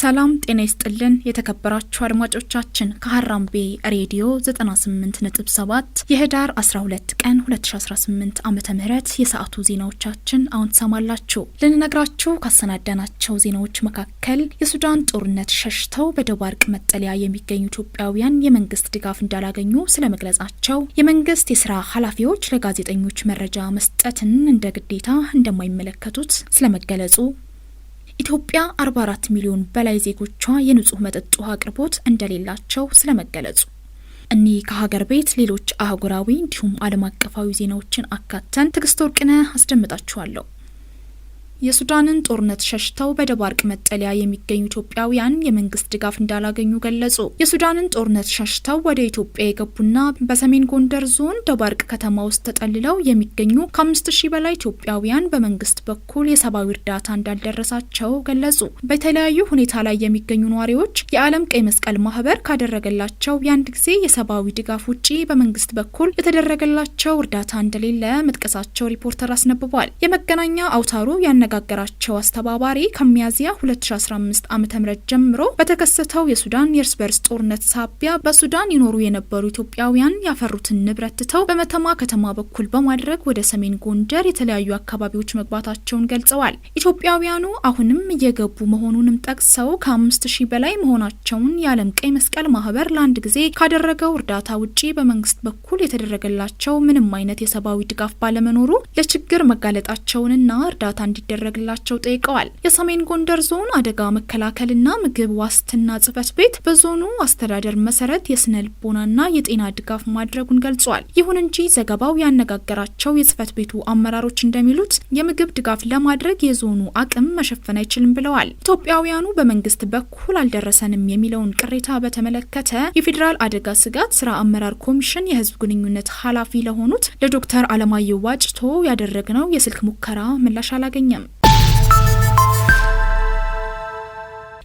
ሰላም ጤና ይስጥልን የተከበራችሁ አድማጮቻችን ከሀራምቤ ሬዲዮ 98.7 የህዳር 12 ቀን 2018 ዓ ም የሰዓቱ ዜናዎቻችን አሁን ትሰማላችሁ። ልንነግራችሁ ካሰናዳናቸው ዜናዎች መካከል የሱዳን ጦርነት ሸሽተው በደባርቅ መጠለያ የሚገኙ ኢትዮጵያውያን የመንግስት ድጋፍ እንዳላገኙ ስለመግለጻቸው፣ የመንግስት የስራ ኃላፊዎች ለጋዜጠኞች መረጃ መስጠትን እንደ ግዴታ እንደማይመለከቱት ስለመገለጹ ኢትዮጵያ 44 ሚሊዮን በላይ ዜጎቿ የንጹህ መጠጥ ውሃ አቅርቦት እንደሌላቸው ስለመገለጹ እኒህ ከሀገር ቤት ሌሎች አህጉራዊ እንዲሁም ዓለም አቀፋዊ ዜናዎችን አካተን ትግስት ወርቅነህ አስደምጣችኋለሁ። የሱዳንን ጦርነት ሸሽተው በደባርቅ መጠለያ የሚገኙ ኢትዮጵያውያን የመንግስት ድጋፍ እንዳላገኙ ገለጹ። የሱዳንን ጦርነት ሸሽተው ወደ ኢትዮጵያ የገቡና በሰሜን ጎንደር ዞን ደባርቅ ከተማ ውስጥ ተጠልለው የሚገኙ ከአምስት ሺህ በላይ ኢትዮጵያውያን በመንግስት በኩል የሰብአዊ እርዳታ እንዳልደረሳቸው ገለጹ። በተለያዩ ሁኔታ ላይ የሚገኙ ነዋሪዎች የዓለም ቀይ መስቀል ማህበር ካደረገላቸው የአንድ ጊዜ የሰብአዊ ድጋፍ ውጪ በመንግስት በኩል የተደረገላቸው እርዳታ እንደሌለ መጥቀሳቸው ሪፖርተር አስነብቧል። የመገናኛ አውታሩ ያነ ያነጋገራቸው አስተባባሪ ከሚያዝያ 2015 ዓ ም ጀምሮ በተከሰተው የሱዳን የእርስ በርስ ጦርነት ሳቢያ በሱዳን ይኖሩ የነበሩ ኢትዮጵያውያን ያፈሩትን ንብረት ትተው በመተማ ከተማ በኩል በማድረግ ወደ ሰሜን ጎንደር የተለያዩ አካባቢዎች መግባታቸውን ገልጸዋል። ኢትዮጵያውያኑ አሁንም እየገቡ መሆኑንም ጠቅሰው ከአምስት ሺህ በላይ መሆናቸውን የዓለም ቀይ መስቀል ማህበር ለአንድ ጊዜ ካደረገው እርዳታ ውጪ በመንግስት በኩል የተደረገላቸው ምንም አይነት የሰብአዊ ድጋፍ ባለመኖሩ ለችግር መጋለጣቸውንና እርዳታ እንዲደረግ እንዲደረግላቸው ጠይቀዋል። የሰሜን ጎንደር ዞን አደጋ መከላከልና ምግብ ዋስትና ጽህፈት ቤት በዞኑ አስተዳደር መሰረት የስነ ልቦናና የጤና ድጋፍ ማድረጉን ገልጿል። ይሁን እንጂ ዘገባው ያነጋገራቸው የጽህፈት ቤቱ አመራሮች እንደሚሉት የምግብ ድጋፍ ለማድረግ የዞኑ አቅም መሸፈን አይችልም ብለዋል። ኢትዮጵያውያኑ በመንግስት በኩል አልደረሰንም የሚለውን ቅሬታ በተመለከተ የፌዴራል አደጋ ስጋት ስራ አመራር ኮሚሽን የህዝብ ግንኙነት ኃላፊ ለሆኑት ለዶክተር አለማየሁ ዋጭቶ ያደረግነው የስልክ ሙከራ ምላሽ አላገኘም።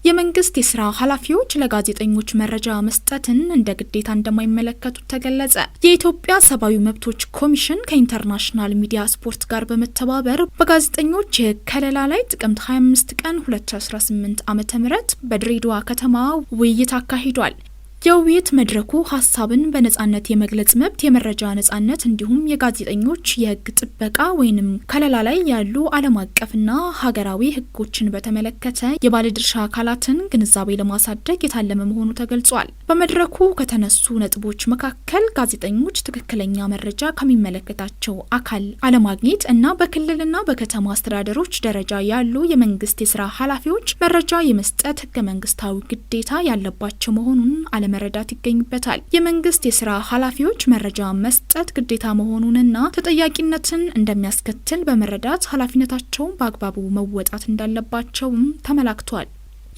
የመንግስት የስራ ኃላፊዎች ለጋዜጠኞች መረጃ መስጠትን እንደ ግዴታ እንደማይመለከቱት ተገለጸ። የኢትዮጵያ ሰብአዊ መብቶች ኮሚሽን ከኢንተርናሽናል ሚዲያ ስፖርት ጋር በመተባበር በጋዜጠኞች የከለላ ላይ ጥቅምት 25 ቀን 2018 ዓ ም በድሬዳዋ ከተማ ውይይት አካሂዷል። የውይይት መድረኩ ሀሳብን በነጻነት የመግለጽ መብት፣ የመረጃ ነጻነት እንዲሁም የጋዜጠኞች የህግ ጥበቃ ወይንም ከለላ ላይ ያሉ ዓለም አቀፍና ሀገራዊ ህጎችን በተመለከተ የባለድርሻ አካላትን ግንዛቤ ለማሳደግ የታለመ መሆኑ ተገልጿል። በመድረኩ ከተነሱ ነጥቦች መካከል ጋዜጠኞች ትክክለኛ መረጃ ከሚመለከታቸው አካል አለማግኘት እና በክልልና በከተማ አስተዳደሮች ደረጃ ያሉ የመንግስት የስራ ኃላፊዎች መረጃ የመስጠት ህገ መንግስታዊ ግዴታ ያለባቸው መሆኑን አለመ መረዳት ይገኝበታል። የመንግስት የስራ ኃላፊዎች መረጃ መስጠት ግዴታ መሆኑንና ተጠያቂነትን እንደሚያስከትል በመረዳት ኃላፊነታቸውን በአግባቡ መወጣት እንዳለባቸውም ተመላክቷል።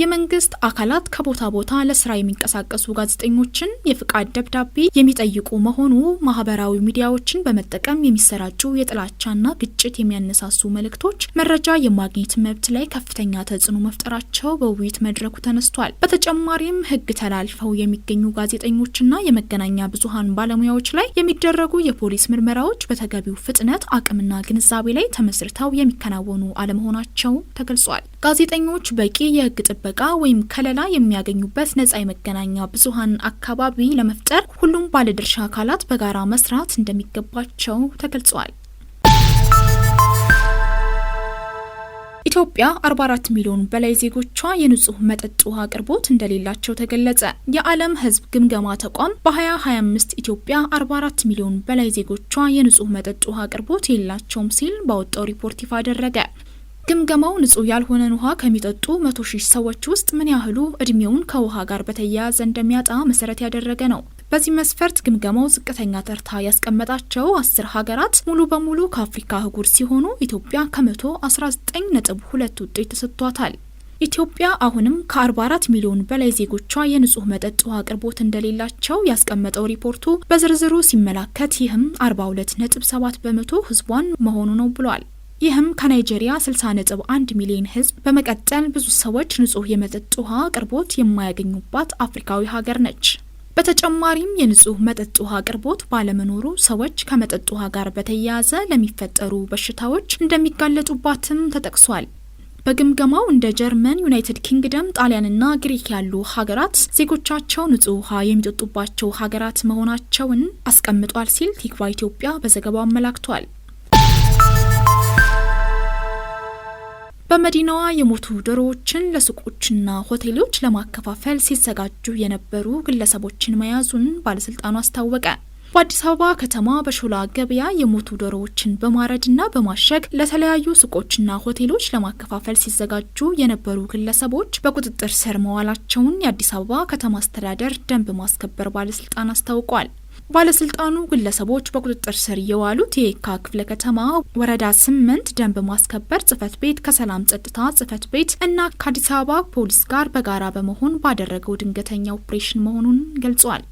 የመንግስት አካላት ከቦታ ቦታ ለስራ የሚንቀሳቀሱ ጋዜጠኞችን የፍቃድ ደብዳቤ የሚጠይቁ መሆኑ ማህበራዊ ሚዲያዎችን በመጠቀም የሚሰራጩ የጥላቻና ግጭት የሚያነሳሱ መልእክቶች መረጃ የማግኘት መብት ላይ ከፍተኛ ተጽዕኖ መፍጠራቸው በውይይት መድረኩ ተነስቷል። በተጨማሪም ህግ ተላልፈው የሚገኙ ጋዜጠኞችና የመገናኛ ብዙሀን ባለሙያዎች ላይ የሚደረጉ የፖሊስ ምርመራዎች በተገቢው ፍጥነት አቅምና ግንዛቤ ላይ ተመስርተው የሚከናወኑ አለመሆናቸው ተገልጿል። ጋዜጠኞች በቂ የህግ ጥበቃ ወይም ከለላ የሚያገኙበት ነጻ የመገናኛ ብዙሀን አካባቢ ለመፍጠር ሁሉም ባለድርሻ አካላት በጋራ መስራት እንደሚገባቸው ተገልጿል። ኢትዮጵያ 44 ሚሊዮን በላይ ዜጎቿ የንጹህ መጠጥ ውሃ አቅርቦት እንደሌላቸው ተገለጸ። የዓለም ሕዝብ ግምገማ ተቋም በ2025 ኢትዮጵያ 44 ሚሊዮን በላይ ዜጎቿ የንጹህ መጠጥ ውሃ አቅርቦት የላቸውም ሲል ባወጣው ሪፖርት ይፋ አደረገ። ግምገማው ንጹህ ያልሆነን ውሃ ከሚጠጡ መቶ ሺህ ሰዎች ውስጥ ምን ያህሉ እድሜውን ከውሃ ጋር በተያያዘ እንደሚያጣ መሰረት ያደረገ ነው። በዚህ መስፈርት ግምገማው ዝቅተኛ ተርታ ያስቀመጣቸው አስር ሀገራት ሙሉ በሙሉ ከአፍሪካ አህጉር ሲሆኑ ኢትዮጵያ ከመቶ 19 ነጥብ ሁለት ውጤት ተሰጥቷታል። ኢትዮጵያ አሁንም ከ44 ሚሊዮን በላይ ዜጎቿ የንጹህ መጠጥ ውሃ አቅርቦት እንደሌላቸው ያስቀመጠው ሪፖርቱ በዝርዝሩ ሲመላከት ይህም 42 ነጥብ 7 በመቶ ህዝቧን መሆኑ ነው ብሏል። ይህም ከናይጄሪያ 60.1 ሚሊዮን ሕዝብ በመቀጠል ብዙ ሰዎች ንጹህ የመጠጥ ውሃ አቅርቦት የማያገኙባት አፍሪካዊ ሀገር ነች። በተጨማሪም የንጹህ መጠጥ ውሃ አቅርቦት ባለመኖሩ ሰዎች ከመጠጥ ውሃ ጋር በተያያዘ ለሚፈጠሩ በሽታዎች እንደሚጋለጡባትም ተጠቅሷል። በግምገማው እንደ ጀርመን፣ ዩናይትድ ኪንግደም፣ ጣሊያንና ግሪክ ያሉ ሀገራት ዜጎቻቸው ንጹህ ውሃ የሚጠጡባቸው ሀገራት መሆናቸውን አስቀምጧል ሲል ቲክቫ ኢትዮጵያ በዘገባው አመላክቷል። በመዲናዋ የሞቱ ዶሮዎችን ለሱቆችና ሆቴሎች ለማከፋፈል ሲዘጋጁ የነበሩ ግለሰቦችን መያዙን ባለስልጣኑ አስታወቀ። በአዲስ አበባ ከተማ በሾላ ገበያ የሞቱ ዶሮዎችን በማረድና በማሸግ ለተለያዩ ሱቆችና ሆቴሎች ለማከፋፈል ሲዘጋጁ የነበሩ ግለሰቦች በቁጥጥር ስር መዋላቸውን የአዲስ አበባ ከተማ አስተዳደር ደንብ ማስከበር ባለስልጣን አስታውቋል። ባለስልጣኑ ግለሰቦች በቁጥጥር ስር የዋሉት የየካ ክፍለ ከተማ ወረዳ ስምንት ደንብ ማስከበር ጽህፈት ቤት ከሰላም ጸጥታ ጽህፈት ቤት እና ከአዲስ አበባ ፖሊስ ጋር በጋራ በመሆን ባደረገው ድንገተኛ ኦፕሬሽን መሆኑን ገልጿል።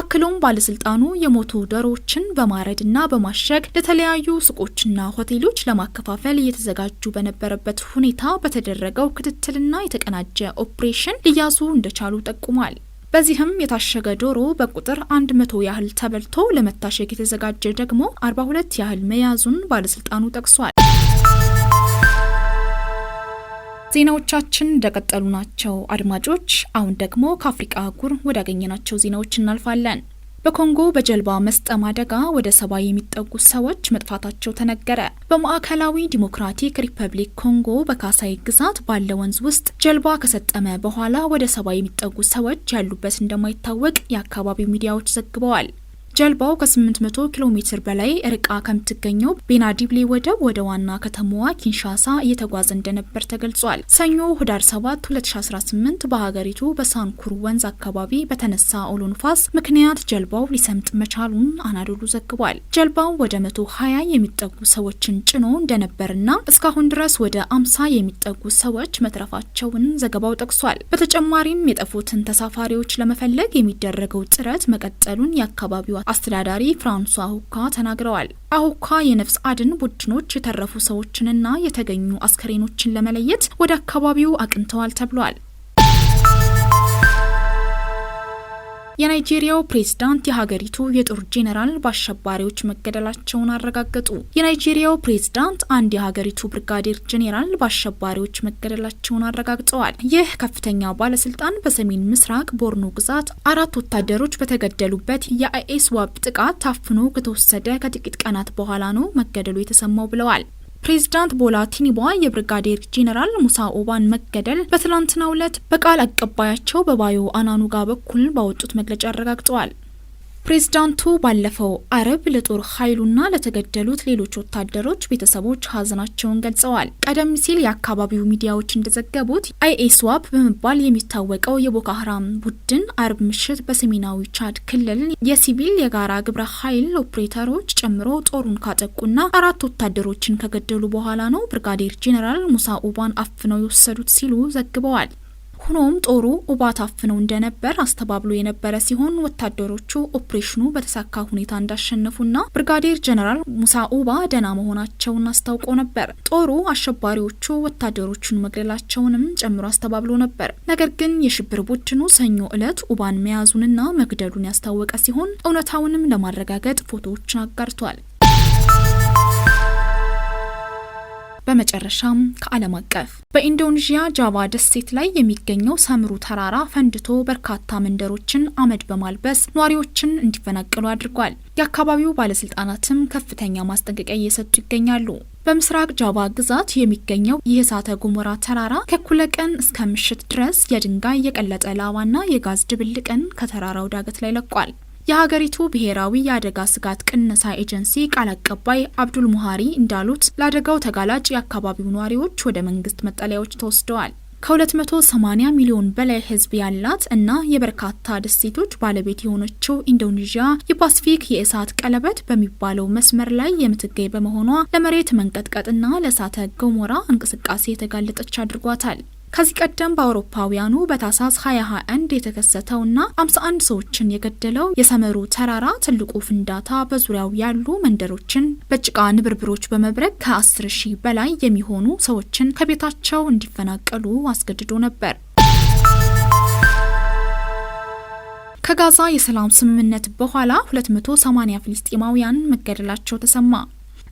አክሎም ባለስልጣኑ የሞቱ ዶሮዎችን በማረድና በማሸግ ለተለያዩ ሱቆችና ሆቴሎች ለማከፋፈል እየተዘጋጁ በነበረበት ሁኔታ በተደረገው ክትትልና የተቀናጀ ኦፕሬሽን ሊያዙ እንደቻሉ ጠቁሟል። በዚህም የታሸገ ዶሮ በቁጥር 100 ያህል ተበልቶ ለመታሸግ የተዘጋጀ ደግሞ 42 ያህል መያዙን ባለስልጣኑ ጠቅሷል። ዜናዎቻችን እንደቀጠሉ ናቸው አድማጮች። አሁን ደግሞ ከአፍሪቃ አህጉር ወዳገኘናቸው ዜናዎች እናልፋለን። በኮንጎ በጀልባ መስጠም አደጋ ወደ ሰባ የሚጠጉ ሰዎች መጥፋታቸው ተነገረ። በማዕከላዊ ዲሞክራቲክ ሪፐብሊክ ኮንጎ በካሳይ ግዛት ባለ ወንዝ ውስጥ ጀልባ ከሰጠመ በኋላ ወደ ሰባ የሚጠጉ ሰዎች ያሉበት እንደማይታወቅ የአካባቢው ሚዲያዎች ዘግበዋል። ጀልባው ከ800 ኪሎ ሜትር በላይ ርቃ ከምትገኘው ቤናዲብሌ ወደብ ወደ ዋና ከተማዋ ኪንሻሳ እየተጓዘ እንደነበር ተገልጿል። ሰኞ ህዳር 7 2018 በሀገሪቱ በሳንኩር ወንዝ አካባቢ በተነሳ አውሎ ንፋስ ምክንያት ጀልባው ሊሰምጥ መቻሉን አናዶሉ ዘግቧል። ጀልባው ወደ 120 የሚጠጉ ሰዎችን ጭኖ እንደነበርና እስካሁን ድረስ ወደ 50 የሚጠጉ ሰዎች መትረፋቸውን ዘገባው ጠቅሷል። በተጨማሪም የጠፉትን ተሳፋሪዎች ለመፈለግ የሚደረገው ጥረት መቀጠሉን የአካባቢው አስተዳዳሪ ፍራንሷ አሁካ ተናግረዋል። አሁካ የነፍስ አድን ቡድኖች የተረፉ ሰዎችንና የተገኙ አስከሬኖችን ለመለየት ወደ አካባቢው አቅንተዋል ተብሏል። የናይጄሪያው ፕሬዝዳንት የሀገሪቱ የጦር ጄኔራል በአሸባሪዎች መገደላቸውን አረጋገጡ። የናይጄሪያው ፕሬዝዳንት አንድ የሀገሪቱ ብርጋዴር ጄኔራል በአሸባሪዎች መገደላቸውን አረጋግጠዋል። ይህ ከፍተኛ ባለስልጣን በሰሜን ምስራቅ ቦርኖ ግዛት አራት ወታደሮች በተገደሉበት የአይኤስ ዋብ ጥቃት ታፍኖ ከተወሰደ ከጥቂት ቀናት በኋላ ነው መገደሉ የተሰማው ብለዋል። ፕሬዚዳንት ቦላ ቲኒቧ የብርጋዴር ጄኔራል ሙሳ ኦባን መገደል በትላንትናው ዕለት በቃል አቀባያቸው በባዮ አናኑጋ በኩል ባወጡት መግለጫ አረጋግጠዋል። ፕሬዝዳንቱ ባለፈው አርብ ለጦር ኃይሉና ለተገደሉት ሌሎች ወታደሮች ቤተሰቦች ሀዘናቸውን ገልጸዋል። ቀደም ሲል የአካባቢው ሚዲያዎች እንደዘገቡት አይኤስዋፕ በመባል የሚታወቀው የቦኮ ቡድን አርብ ምሽት በሰሜናዊ ቻድ ክልል የሲቪል የጋራ ግብረ ኃይል ኦፕሬተሮች ጨምሮ ጦሩን ካጠቁና አራት ወታደሮችን ከገደሉ በኋላ ነው ብርጋዴር ጄኔራል ሙሳ ኡባን አፍነው የወሰዱት ሲሉ ዘግበዋል። ሆኖም ጦሩ ኦባ ታፍነው እንደነበር አስተባብሎ የነበረ ሲሆን ወታደሮቹ ኦፕሬሽኑ በተሳካ ሁኔታ እንዳሸነፉና ብርጋዴር ጀነራል ሙሳ ኡባ ደህና መሆናቸውን አስታውቆ ነበር። ጦሩ አሸባሪዎቹ ወታደሮቹን መግደላቸውንም ጨምሮ አስተባብሎ ነበር። ነገር ግን የሽብር ቡድኑ ሰኞ ዕለት ኡባን መያዙንና መግደሉን ያስታወቀ ሲሆን እውነታውንም ለማረጋገጥ ፎቶዎችን አጋርቷል። በመጨረሻም ከዓለም አቀፍ በኢንዶኔዥያ ጃቫ ደሴት ላይ የሚገኘው ሰምሩ ተራራ ፈንድቶ በርካታ መንደሮችን አመድ በማልበስ ነዋሪዎችን እንዲፈናቀሉ አድርጓል። የአካባቢው ባለስልጣናትም ከፍተኛ ማስጠንቀቂያ እየሰጡ ይገኛሉ። በምስራቅ ጃቫ ግዛት የሚገኘው ይህ እሳተ ገሞራ ተራራ ከኩለ ቀን እስከ ምሽት ድረስ የድንጋይ የቀለጠ ና የጋዝ ድብልቅን ከተራራው ዳገት ላይ ለቋል። የሀገሪቱ ብሔራዊ የአደጋ ስጋት ቅነሳ ኤጀንሲ ቃል አቀባይ አብዱል ሙሃሪ እንዳሉት ለአደጋው ተጋላጭ የአካባቢው ነዋሪዎች ወደ መንግስት መጠለያዎች ተወስደዋል። ከ280 ሚሊዮን በላይ ህዝብ ያላት እና የበርካታ ደሴቶች ባለቤት የሆነችው ኢንዶኔዥያ የፓሲፊክ የእሳት ቀለበት በሚባለው መስመር ላይ የምትገኝ በመሆኗ ለመሬት መንቀጥቀጥና ለእሳተ ገሞራ እንቅስቃሴ የተጋለጠች አድርጓታል። ከዚህ ቀደም በአውሮፓውያኑ በታህሳስ 2021 የተከሰተውና 51 ሰዎችን የገደለው የሰመሩ ተራራ ትልቁ ፍንዳታ በዙሪያው ያሉ መንደሮችን በጭቃ ንብርብሮች በመብረቅ ከ10 ሺህ በላይ የሚሆኑ ሰዎችን ከቤታቸው እንዲፈናቀሉ አስገድዶ ነበር። ከጋዛ የሰላም ስምምነት በኋላ 280 ፍልስጤማውያን መገደላቸው ተሰማ።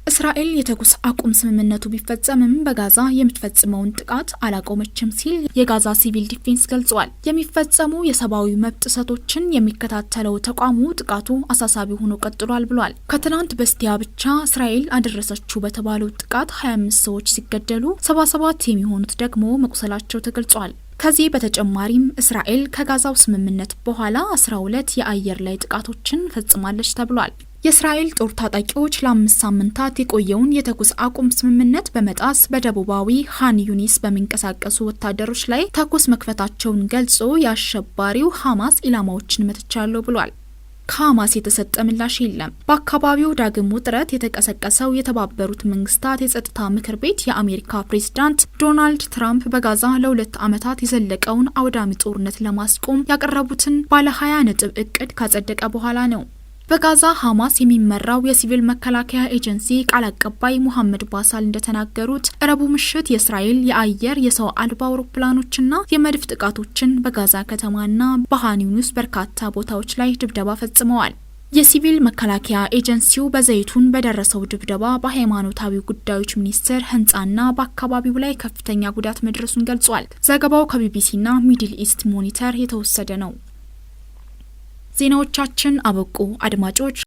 እስራኤል የተኩስ አቁም ስምምነቱ ቢፈጸምም በጋዛ የምትፈጽመውን ጥቃት አላቆመችም ሲል የጋዛ ሲቪል ዲፌንስ ገልጿል። የሚፈጸሙ የሰብአዊ መብት ጥሰቶችን የሚከታተለው ተቋሙ ጥቃቱ አሳሳቢ ሆኖ ቀጥሏል ብሏል። ከትናንት በስቲያ ብቻ እስራኤል አደረሰችው በተባለው ጥቃት 25 ሰዎች ሲገደሉ 77 የሚሆኑት ደግሞ መቁሰላቸው ተገልጿል። ከዚህ በተጨማሪም እስራኤል ከጋዛው ስምምነት በኋላ 12 የአየር ላይ ጥቃቶችን ፈጽማለች ተብሏል። የእስራኤል ጦር ታጣቂዎች ለአምስት ሳምንታት የቆየውን የተኩስ አቁም ስምምነት በመጣስ በደቡባዊ ሃን ዩኒስ በሚንቀሳቀሱ ወታደሮች ላይ ተኩስ መክፈታቸውን ገልጾ የአሸባሪው ሐማስ ኢላማዎችን መትቻለሁ ብሏል። ከሐማስ የተሰጠ ምላሽ የለም። በአካባቢው ዳግም ውጥረት የተቀሰቀሰው የተባበሩት መንግስታት የጸጥታ ምክር ቤት የአሜሪካ ፕሬዝዳንት ዶናልድ ትራምፕ በጋዛ ለሁለት ዓመታት የዘለቀውን አውዳሚ ጦርነት ለማስቆም ያቀረቡትን ባለ 20 ነጥብ እቅድ ካጸደቀ በኋላ ነው። በጋዛ ሐማስ የሚመራው የሲቪል መከላከያ ኤጀንሲ ቃል አቀባይ ሙሐመድ ባሳል እንደተናገሩት ረቡ ምሽት የእስራኤል የአየር የሰው አልባ አውሮፕላኖችና የመድፍ ጥቃቶችን በጋዛ ከተማና በኻን በርካታ ቦታዎች ላይ ድብደባ ፈጽመዋል። የሲቪል መከላከያ ኤጀንሲው በዘይቱን በደረሰው ድብደባ በሃይማኖታዊ ጉዳዮች ሚኒስቴር ህንፃና በአካባቢው ላይ ከፍተኛ ጉዳት መድረሱን ገልጿል። ዘገባው ከቢቢሲና ሚድል ኢስት ሞኒተር የተወሰደ ነው። ዜናዎቻችን አበቁ። አድማጮች